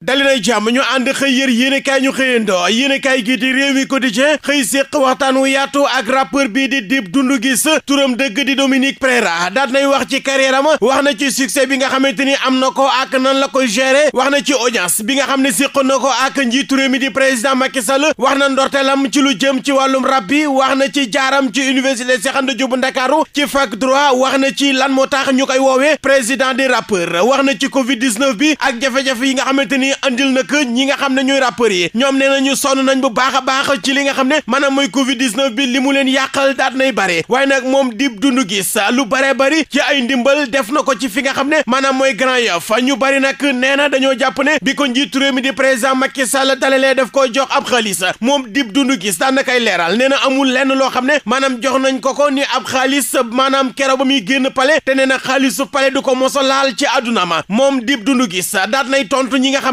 dali nay jàmm ñu ànd xëy yër yéene kaa ñu xëyandoo yéene kaay gi di réew mi quotidien xëy séq waxtaan wu yaatu ak rappeur bii di Dip Doundou Guiss turam dëgg di Dominique Prera daat nay wax ci carrière wax na ci succès bi nga xamante ni am na ko ak nan la koy gérer wax na ci audience bi nga xam ne séq na ko ak njiitu réew mi di président Macky Sall wax na ndorteelam ci lu jëm ci wàllum rap bi wax na ci jaaram ci université Cheikh Anta Diop bu Ndakaaru ci fac droit wax na ci lan moo tax ñu koy woowee président des rappeurs wax na ci covid bi ak jafe yi nga xamante ni mi andil nag ñi nga xam ne ñooy rappeurs yi ñoom nee ñu sonn nañ bu baax a baax ci li nga xam ne maanaam mooy covid 19 bi li mu leen yàqal daat nay bare waaye nag moom dib dund gis lu bare bari ci ay ndimbal def na ko ci fi nga xam ne maanaam mooy Grand Yoff ñu bari nag nee na dañoo jàpp ne bi ko njiitu réew mi di président Macky Sall dalalee def ko jox ab xaalis moom dib dund gis daan na koy leeral nee na amul lenn loo xam ne maanaam jox nañ ko ko ni ab xaalis maanaam kero ba génn pale te nee na xaalisu pale du ko mosa laal ci àdduna moom dib dund gis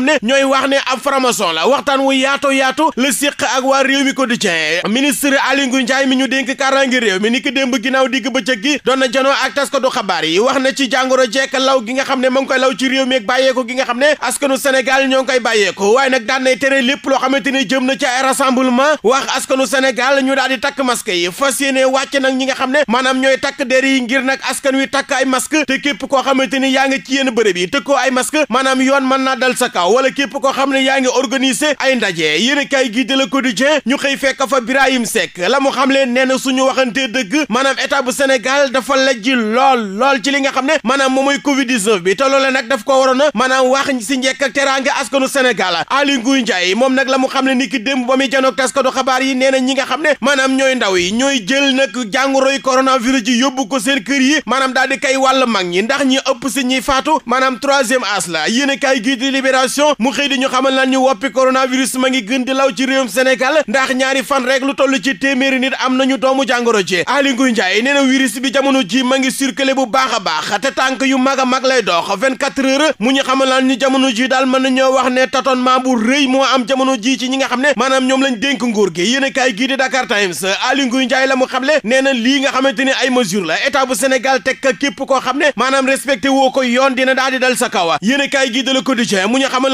xam ñooy wax ne ab franc-maçon la waxtaan wu yaato yaatu la séq ak waa réew mi ko di cee ministre Aly Ngouille mi ñu dénk kaaraange réew mi ni ki démb ginnaaw digg bëccëg gi doon na janoo ak taskatu xabaar yi wax na ci jàngoro jekk law gi nga xam ne ma ngi law ci réew mi ak bàyyeeko gi nga xam ne askanu Sénégal ñoo ngi koy bàyyeeko waaye nag daan nay tere lépp loo xamante ni jëm na ci ay rassemblement wax askanu Sénégal ñu daal di takk masque yi fas yéene wàcc nag ñi nga xam ne maanaam ñooy takk der yi ngir nag askan wi takk masque képp koo xamante ni yaa nga ci yéen bërëb yi tëkkoo ay masque maanaam yoon mën naa dal sa kaw wala képp koo xam ne yaa ngi organiser ay ndaje yéen a kaay gii de la Quotidien ñu xëy fekk fa Birahim Seck la mu xam leen nee na suñu waxantee dëgg maanaam état bu Sénégal dafa lajj lool lool ci li nga xam ne maanaam moom mooy Covid bi te loolee nag daf ko waroon a maanaam wax si njekk ak teraanga askanu Sénégal Aly Ngouille Ndiaye moom nag la mu xam ne ni ki démb ba muy janoog taskatu xabaar yi nee na ñi nga xam ne maanaam ñooy ndaw yi ñooy jël nag jàngoroy coronavirus ji yóbbu ko seen kër yi maanaam daal di kay wàll mag ñi ndax ñi ëpp si ñuy faatu maanaam troisième as la yéen gii di libération Libération mu xëy di ñu xamal naan ñu woppi coronavirus ma ngi gën di law ci réewum Sénégal ndax ñaari fan rek lu toll ci téeméeri nit am nañu doomu jàngoro ji Aly Ngouille Ndiaye nee na bi jamono ji ma ngi circulé bu baax a baax te tànk yu mag a mag lay dox 24 heures mu ñu xamal naan ñu jamono ji daal mën nañoo wax ne tâtonnement bu rëy moo am jamono ji ci ñi nga xam ne maanaam ñoom lañ dénk nguur gi yéen a kaay gii di Dakar Times Aly Ngouille Ndiaye la mu xamle nee na nga xamante ni ay mesure la état xam ne maanaam respecté woo ko yoon dina daal a kaay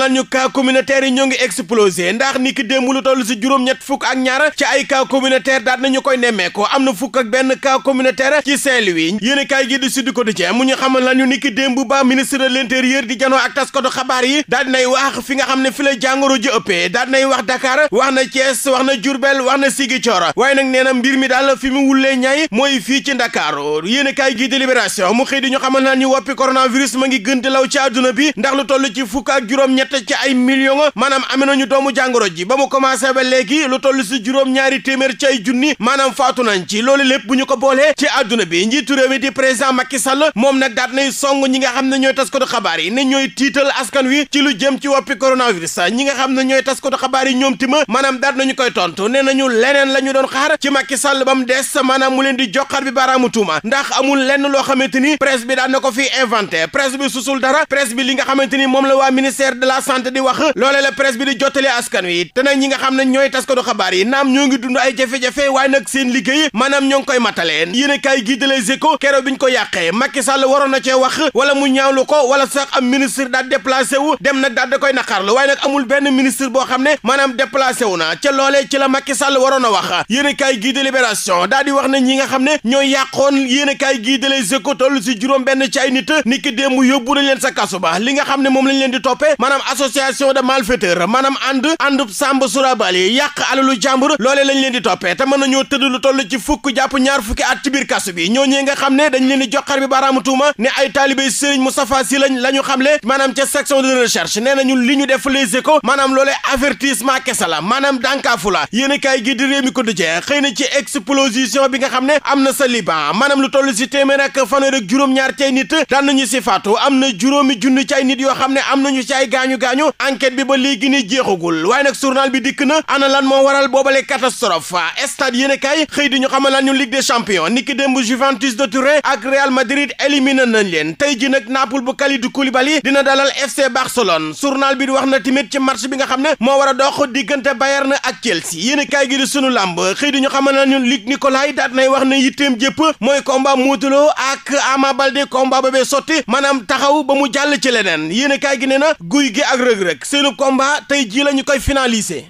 xamal ñu cas yi ñoo ngi explosé ndax ni ki démb lu toll si juróom-ñett fukk ak ñaar ci ay cas communautaire daal nañu koy nemmeekoo am na fukk ak benn cas communautaire ci Saint-Louis yéen kaay gi di Sud Quotidien mu ñu xamal lañu ni ki démb ba ministre de l'intérieur di janoo ak taskatu xabaar yi daal wax fi nga xam ne fi la jàngoro ji ëppee wax Dakar wax na Thiès wax na Diourbel wax na Ziguinchor waaye nag nee na mbir mi daal fi mu wullee ñaay mooy fii ci gi di Libération mu xëy di ñu xamal nañu woppi coronavirus ma ngi gën di teg ci ay million maanaam ame nañu doomu jàngoro ji ba mu commencé ba léegi lu toll si juróom-ñaari téeméer ci ay junni maanaam faatu nañ ci loolu lépp bu ñu ko boolee ci àdduna bi njiitu réew mi di président Macky Sall moom nag daat nay song ñi nga xam ne ñooy taskatu xabaar yi ne ñooy tiital askan wi ci lu jëm ci woppi coronavirus ñi nga xam ne ñooy taskatu xabaar yi ñoom tima maanaam daat nañu koy tontu nee nañu leneen la ñu doon xaar ci Macky Sall ba des maanaam mu leen di joxar bi baaraamu tuuma ndax lenn loo xamante ni presse bi daan na ko fi inventé presse bi susul dara li nga xamante ni moom la waa ministère de la sant santé di wax loole la presse bi di jottali askan wi te nag ñi nga xam ne ñooy taskatu xabaar yi naam ñoo ngi dund ay jafe-jafe waaye nag seen liggéey maanaam ñoo ngi koy mataleen yéen a kaay gii de Les Échos keroog bi ñu ko yàqee Macky waroon na cee wax wala mu ñaawlu ko wala sax am ministre daal déplacé wu dem na daal da koy naqarlu waaye nag amul benn ministre boo xam ne maanaam déplacé wu na ca loolee ci la Macky Sall waroon a wax yéen a kaay gii de Libération daal di wax ne ñi nga xam ne ñooy yàqoon yéen a kaay gii de Les Échos toll si juróom benn ci ay nit niki démb yóbbu nañ leen sa kasu ba li nga xam ne moom lañ leen di toppee maanaam association de malfaiteurs maanaam ànd àndub samb surabali yàq lu jàmbur loole lañ leen di toppee te mën nañoo tëdd lu toll ci fukk jàpp ñaar fukki at ci biir kasu bi ñooñee nga xam ne dañ leen di joxar bi baaraamu tuuma ne ay taalibey sëriñ Moustapha Sy lañ la ñu xamle maanaam ca section de recherche nee nañu li ñu def les échos maanaam loolee avertissement kese la maanaam dànkaafu la yéen a kaay gi di réew mi ko du xëy na ci explosion bi nga xam ne am na sa Liban maanaam lu toll si téeméer ak fanweer ak ñaar ci ay nit daan nañu si faatu am na juróomi junni ci ay nit yoo xam ne am nañu ci ay gaañ gaañu-gaañu enquête bi ba léegi ni jeexagul waaye nag bi dikk na ana lan moo waral boobale catastrophe stade yéen a kaay ñu xamal ñu ligue des champions niki démb Juventus de Turin ak Real Madrid éliminé nañ leen tey ji nag Naples bu Kalidou Koulibaly dina dalal FC Barcelone journal bi wax na tamit ci match bi nga xam ne moo war a dox diggante Bayern ak Chelsea yéen a gi di sunu làmb xëy ñu xamal ñu ligue Nicolas daat nay wax a na Gueye ak Reug Reug seenu tey jii la ñu koy finaliser